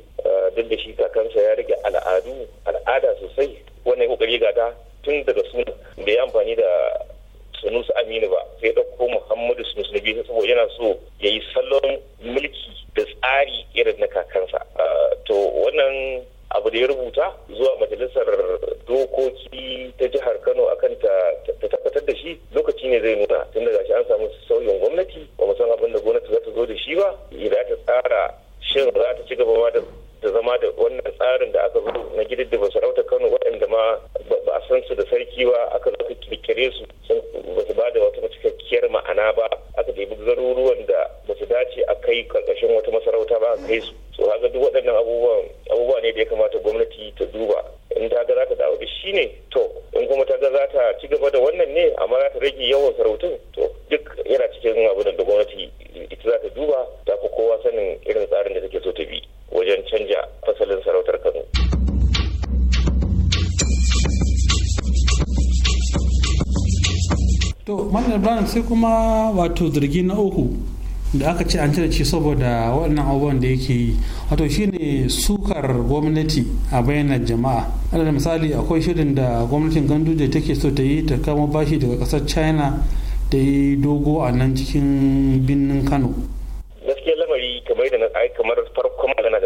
duk da shi kakansa ya rike al'adu al'ada sosai wannan kokari gata tun daga suna da ya amfani da sunusu aminu ba sai ɗauko muhammadu sunusu na biyu saboda yana so ya yi salon mulki da tsari irin na kakansa to wannan abu da ya rubuta zuwa majalisar dokoki ta jihar kano akan ta tabbatar da shi lokaci ne zai nuna tun da gashi an samu sauyin gwamnati ba mu san abin da gwamnati za ta zo da shi ba idan ta tsara shin za ta ci gaba da da zama da wannan tsarin da aka zo na da gidan gididdiba sarauta kano waɗanda ma ba a san su da sarki ba aka zo kirkire su ba su bada wata cikakkiyar ma'ana ba aka ɗebi garuruwan da ba su dace a kai karkashin wata masarauta ba a kai su so haka duk waɗannan abubuwan abubuwa ne da ya kamata gwamnati ta duba in ta ga za ta dawo da shi ne to in kuma ta ga za ta ci gaba da wannan ne amma za ta rage yawan sarautun to duk yana cikin abin da gwamnati ita za ta duba ta fi kowa sanin irin tsarin da take so ta bi wajen canja fasalin sarautar kano to Manar ibrahim sai kuma wato zargi na uku da aka ce an cire ci saboda waɗannan abubuwan da yake yi wato shine sukar gwamnati a bayanan jama'a alal misali akwai shirin da gwamnatin gandu ganduje take so ta yi ta kama bashi daga kasar china da yi dogo a nan cikin birnin kano gaskiya lamari kamar da kamar farkon magana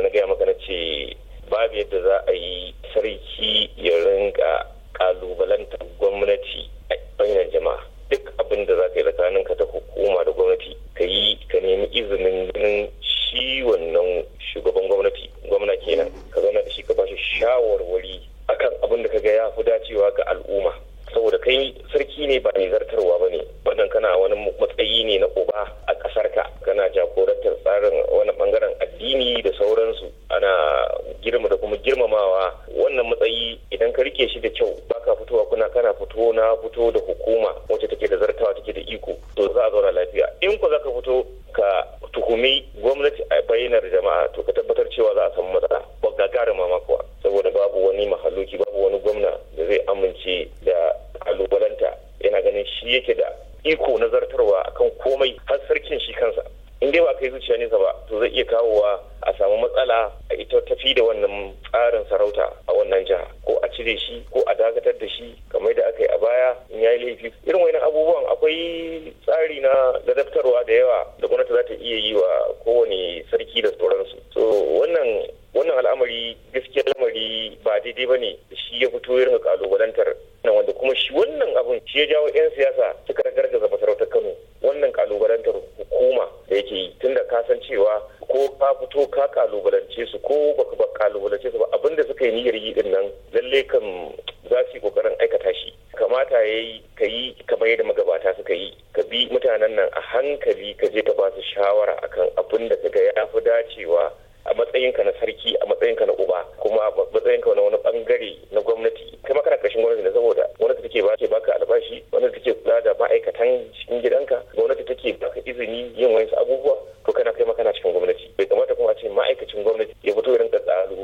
gwamnati take kula da ma'aikatan cikin gidanka gwamnati take baka izini yin wasu abubuwa to kana kai makana cikin gwamnati bai kamata kuma a ce ma'aikacin gwamnati ya fito irin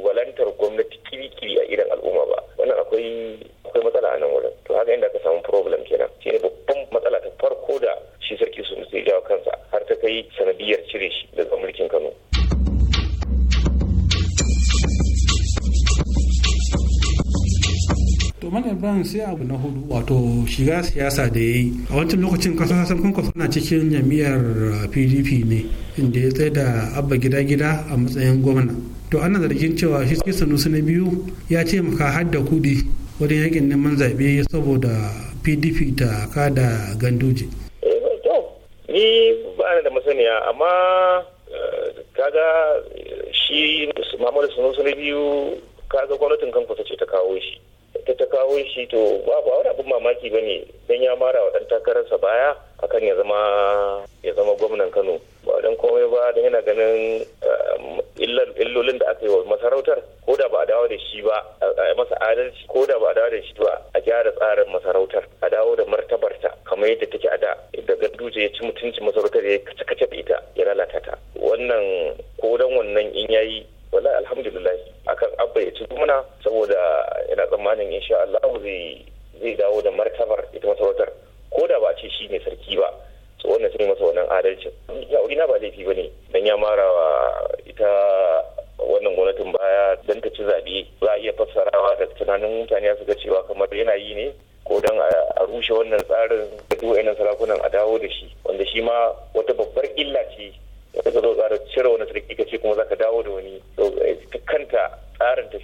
walantar gwamnati kiri-kiri a idan al'umma ba wannan akwai akwai matsala a nan wurin to haka inda aka samu problem kenan shi ne babban matsala ta farko da shi sarki su ya jawo kansa har ta kai sanadiyar cire shi daga mulkin kano to ban sai abu na hudu shiga siyasa da ya yi a wancan lokacin kasa hasan kwankwaso suna cikin jami'ar pdp uh, ne inda ya tsaye da abba gida gida a matsayin gwamna to ana zargin cewa shi sanusi na biyu ya ce maka har da kudi wajen yakin neman zaɓe saboda pdp ta kada ganduje eh, ni ba da masaniya amma eh, kaga shi Sanusi na biyu kaga gwamnatin kanku ta ce ta kawo shi ta kawo shi to ba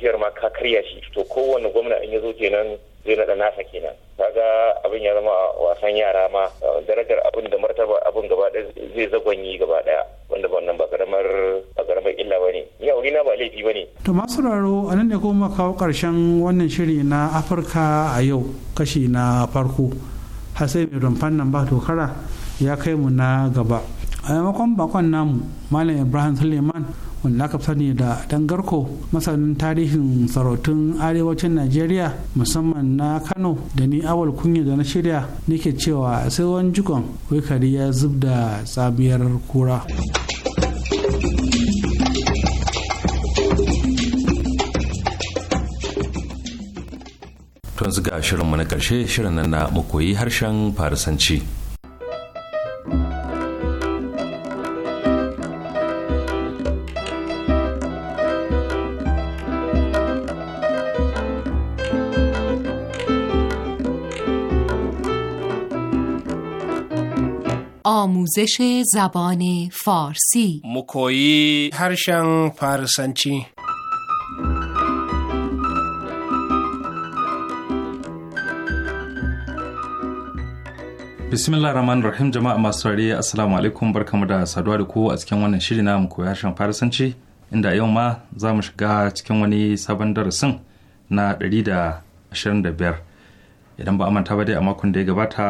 jihar ma ka karya shi to kowane gwamna in ya zo kenan zai naɗa nasa kenan kaga abin ya zama wasan yara ma eh, darajar abin da martaba abin gaba ɗaya zai zagwanyi gaba ɗaya wanda wannan ba karamar ba karamar illa bane ni wuri na ba laifi bane to masu raro nan ne kuma kawo karshen wannan shiri na Afirka a yau kashi na farko har sai mai rumfan nan ba tokara ya kai mu na gaba a maimakon bakon namu malam ibrahim suleiman wanda aka sani da dangarko masanin tarihin sarautun arewacin najeriya musamman na kano da ni awal kunya da na shirya nake cewa sai wani jikon wikari ya zub da tsamiyar kura tun ga shirin na karshe shirin nan na makoyi harshen farisanci آموزش زبان فارسی مکویی هرشن فارسنچی bismillah rahman jama'a masu saurari assalamu alaikum barkamu da saduwa da ku a cikin wannan shiri mu koyi harshen farisanci inda yau ma za mu shiga cikin wani sabon darasin na 125 idan ba a manta ba dai a makon da ya gabata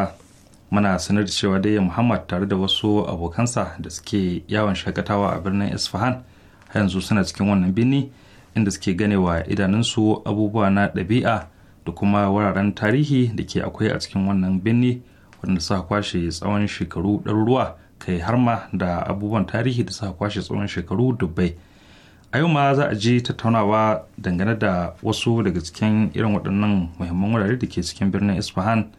muna sanar da cewa dai muhammad tare da wasu abokansa da suke yawon shakatawa a birnin isfahan har yanzu suna cikin wannan birni inda suke ganewa idanunsu abubuwa na ɗabi'a da kuma wuraren tarihi da ke akwai a cikin wannan birni wanda suka kwashe tsawon shekaru ɗaruruwa kai har ma da abubuwan tarihi da suka kwashe tsawon shekaru dubbai a yau ma za a ji tattaunawa dangane da wasu daga cikin irin waɗannan muhimman wurare da ke cikin birnin isfahan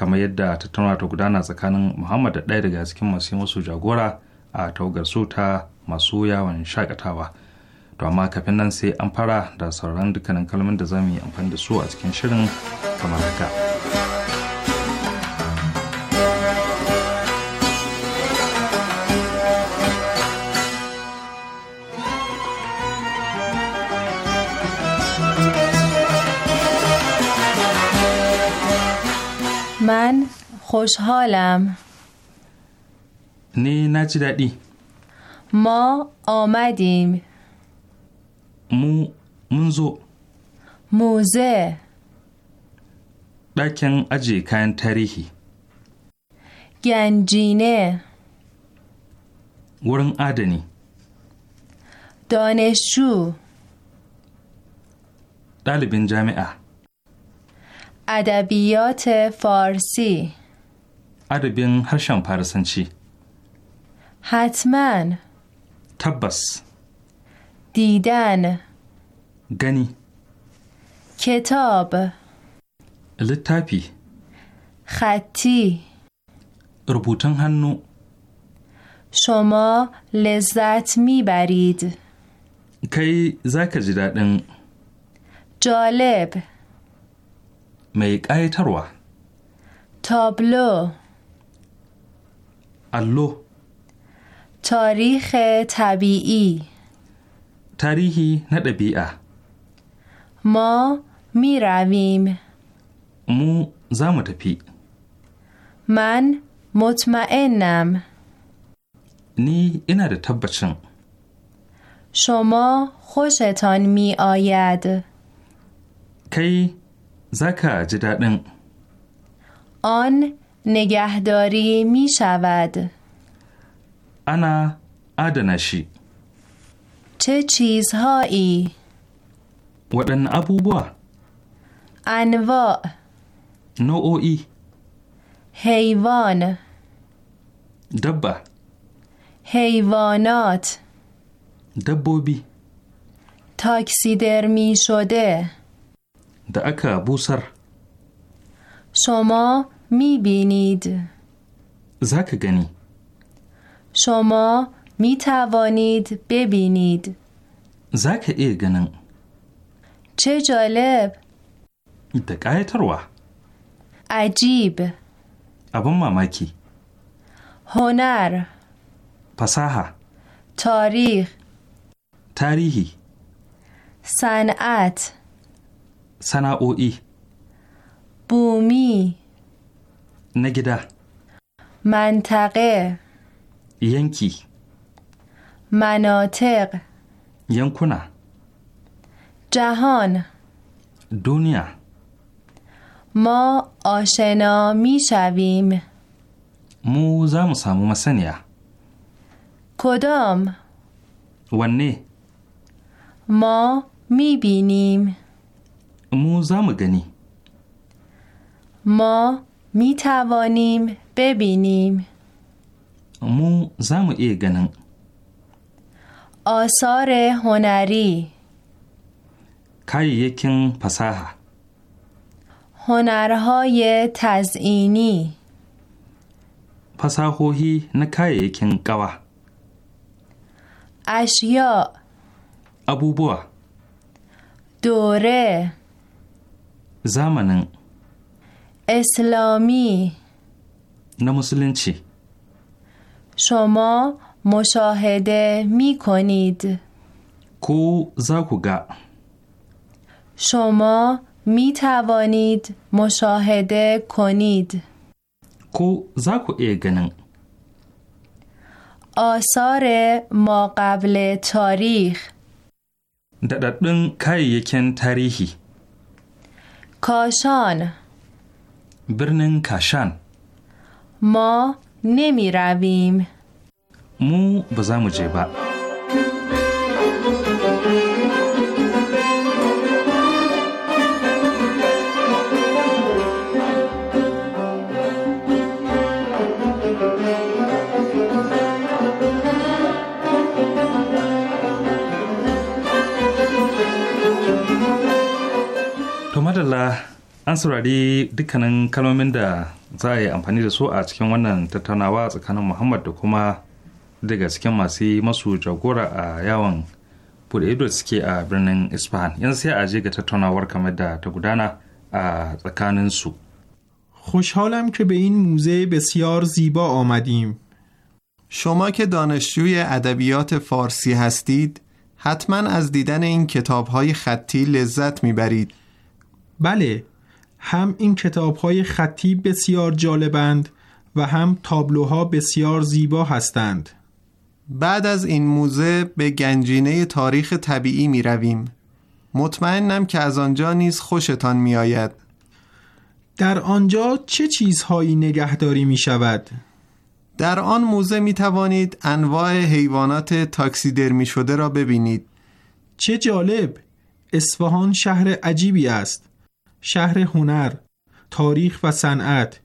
kamar yadda tattaunawa ta gudana tsakanin muhammad da ɗaya daga cikin masu wasu jagora a tawagar su ta masu yawon shakatawa to amma kafin nan sai an fara da sauran dukkanin kalmomin da za mu yi amfani da su a cikin shirin kamar haka. من خوشحالم نی نجددی ما آمدیم مو منزو موزه دکن اجی کن تاریخی گنجینه ورن آدنی دانشجو ɗalibin جامعه ادبیات فارسی ادبین هرشن چی؟ حتما تبس دیدن گنی کتاب لطفی خطی ربوتن هنو شما لذت میبرید کی زاک جدادن جالب می تروه تابلو اللو تاریخ طبیعی تاریخی نه طبیعه ما می رویم مو زم من مطمئنم نی اینا ده تبچن شما خوشتان می آید کی زکا جی آن نگهداری می شود انا آدنشی چه چیزهایی؟ ودن ابوبوا انواع نوعی حیوان دبه حیوانات دبوبی می شده da aka busar. Shoma mi binid. Za ka gani. Shoma mi tawanid bebinid. Za ka iya ganin. Ce Da ƙayatarwa. Ajib. Abin mamaki. Honar. Fasaha. Tarih. Tarihi. Sana'at. سناوی، بومی نگده منطقه ینکی مناطق ینکونه جهان دنیا ما آشنا می شویم مو زم مسنیا کدام ونه ما می بینیم مو زامو گنی ما می توانیم ببینیم مو زامو ای گنن آثار هنری یکن پساها هنرهای تزئینی فساهوهی نه کاییکن قوا اشیا بوا دوره زمانن اسلامی نه چی؟ شما مشاهده می کنید کو زاکوگا شما می توانید مشاهده کنید کو زاکو آثار ما قبل تاریخ دادن کاییکن تاریخی کاشان برنن کاشان ما نمی رویم مو بزامو جیبا Allah an saurari dukkanin kalmomin da za a yi amfani da su a cikin wannan tattaunawa tsakanin muhammad da kuma daga cikin masu masu jagora a yawon bude ido suke a birnin isfahan yanzu sai a je ga tattaunawar kamar da ta gudana a tsakanin su خوشحالم که به این موزه بسیار زیبا آمدیم. شما که دانشجوی ادبیات فارسی هستید، حتما از دیدن این کتابهای خطی لذت میبرید. بله هم این کتاب های خطی بسیار جالبند و هم تابلوها بسیار زیبا هستند بعد از این موزه به گنجینه تاریخ طبیعی می رویم مطمئنم که از آنجا نیز خوشتان می آید در آنجا چه چیزهایی نگهداری می شود؟ در آن موزه می توانید انواع حیوانات تاکسیدرمی شده را ببینید چه جالب! اصفهان شهر عجیبی است شهر هنر، تاریخ و صنعت،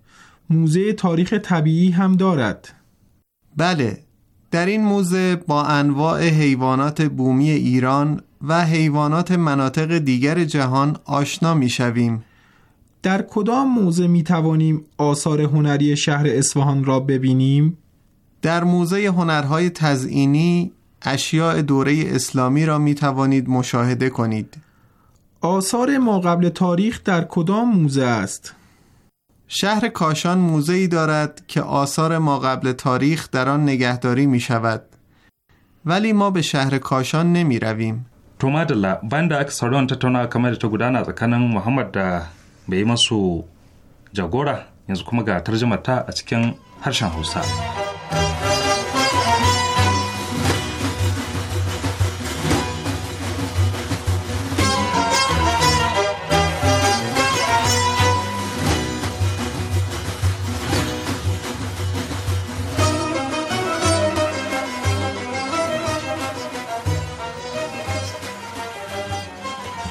موزه تاریخ طبیعی هم دارد. بله، در این موزه با انواع حیوانات بومی ایران و حیوانات مناطق دیگر جهان آشنا می شویم. در کدام موزه می توانیم آثار هنری شهر اصفهان را ببینیم؟ در موزه هنرهای تزئینی اشیاء دوره اسلامی را می توانید مشاهده کنید. آثار ما قبل تاریخ در کدام موزه است؟ شهر کاشان موزه ای دارد که آثار ما قبل تاریخ در آن نگهداری می شود. ولی ما به شهر کاشان نمی رویم. تومادلا بند اکسارون تتونا کمید تو گدانا کنن محمد دا به ایمسو یعنی یزو کمگا ترجمه تا اچکن هرشان حوصا. موسیقی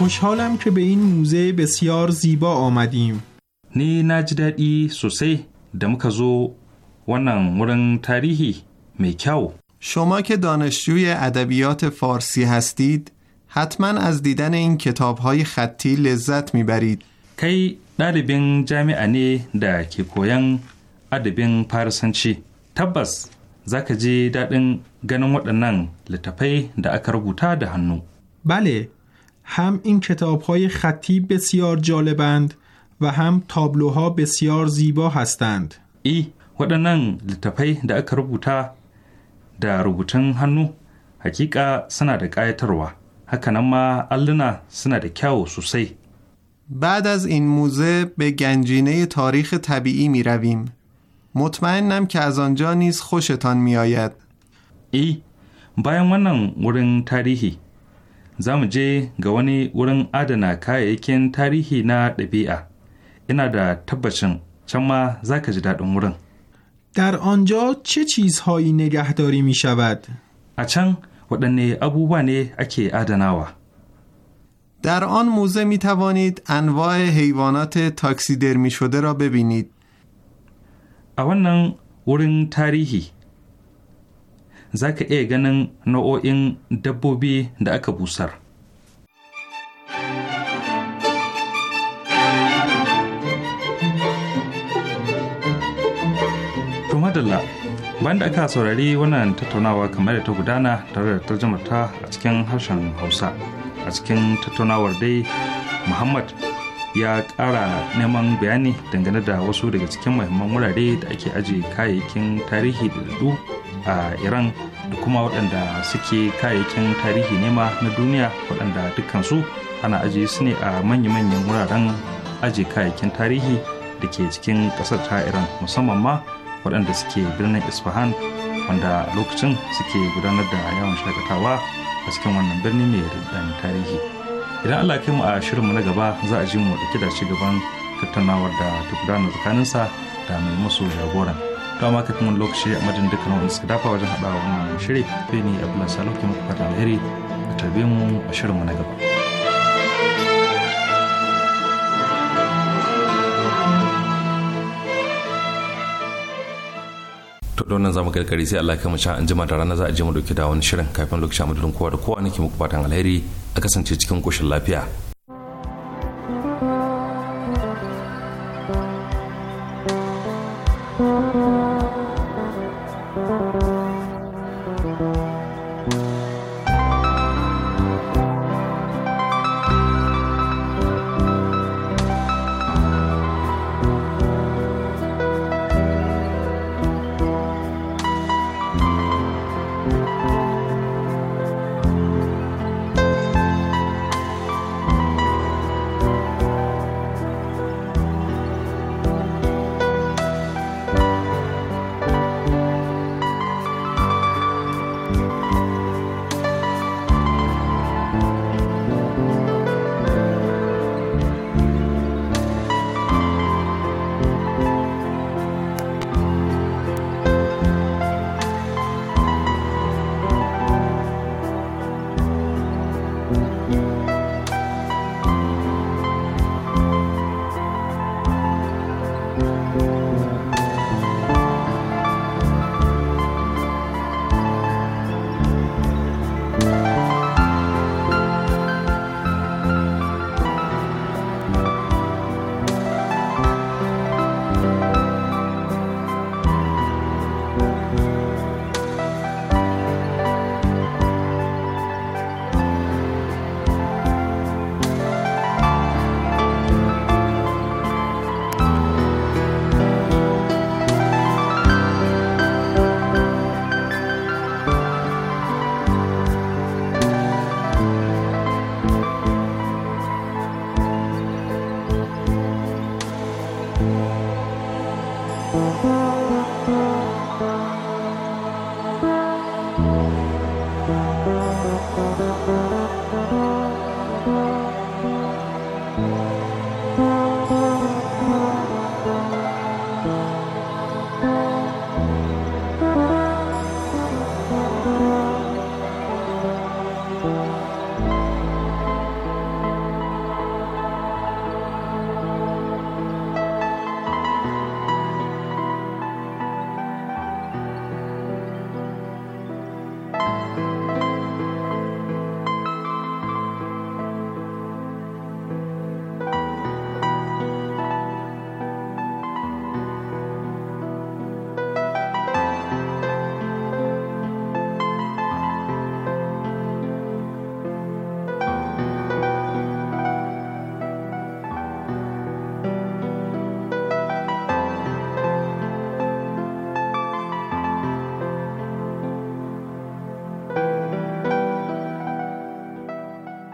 خوشحالم که به این موزه بسیار زیبا آمدیم نی نجددی سوسی دمکزو ونن ورن تاریخی میکاو شما که دانشجوی ادبیات فارسی هستید حتما از دیدن این کتاب های خطی لذت میبرید کی ɗalibin بین جامعه da ke koyan adabin farisanci تبس za ka ji daɗin ganin در littafai da aka هم این کتاب های خطی بسیار جالبند و هم تابلوها بسیار زیبا هستند ای waɗannan littafai da aka rubuta da rubutun hannu hakika suna da ƙayatarwa hakanan ma alluna suna da بعد از این موزه به گنجینه تاریخ طبیعی می رویم. مطمئنم که از آنجا نیز خوشتان می آید. ای باید ونن ورن تاریخی. za mu je ga wani wurin adana kayayyakin tarihi na ɗabi'a ina da tabbacin can در آنجا چه چیزهایی نگهداری می شود؟ اچن ودنه ابوبانه اکی ادناوا در آن موزه می توانید انواع حیوانات تاکسیدرمی شده را ببینید اوانن ورن تاریخی za ka iya ganin nau'o'in dabbobi da aka busar. Tumadala, bayan da aka saurari wannan tattaunawa kamar da ta gudana tare da tarjumar ta a cikin harshen hausa a cikin tattaunawar dai muhammad ya ƙara neman bayani dangane da wasu daga cikin mahimman wurare da ake ajiye kayayyakin tarihi da dudu a iran da kuma waɗanda suke kayayyakin tarihi nema na duniya waɗanda dukkansu ana ajiye su ne a manya-manyan wuraren ajiye kayayyakin tarihi da ke cikin ƙasar ta iran musamman ma waɗanda suke birnin isfahan wanda lokacin suke gudanar da yawon shakatawa a cikin wannan birni mai daɗin tarihi idan allah kai mu a shirinmu na gaba za a ji mu ɗauke da gaban tattaunawar da ta gudana tsakaninsa da mai musu jagoran to amma kafin lokaci a madin dukkan wani suka dafa wajen haɗa wannan shiri kai ne abdullahi salo ke muku fata alheri a tarbe mu a shirinmu na gaba. to nan za zamu gargari sai Allah ya kama an jima da rana za a je mu dauki da wani shirin kafin lokacin mu kowa da kowa nake muku fatan alheri a kasance cikin koshin lafiya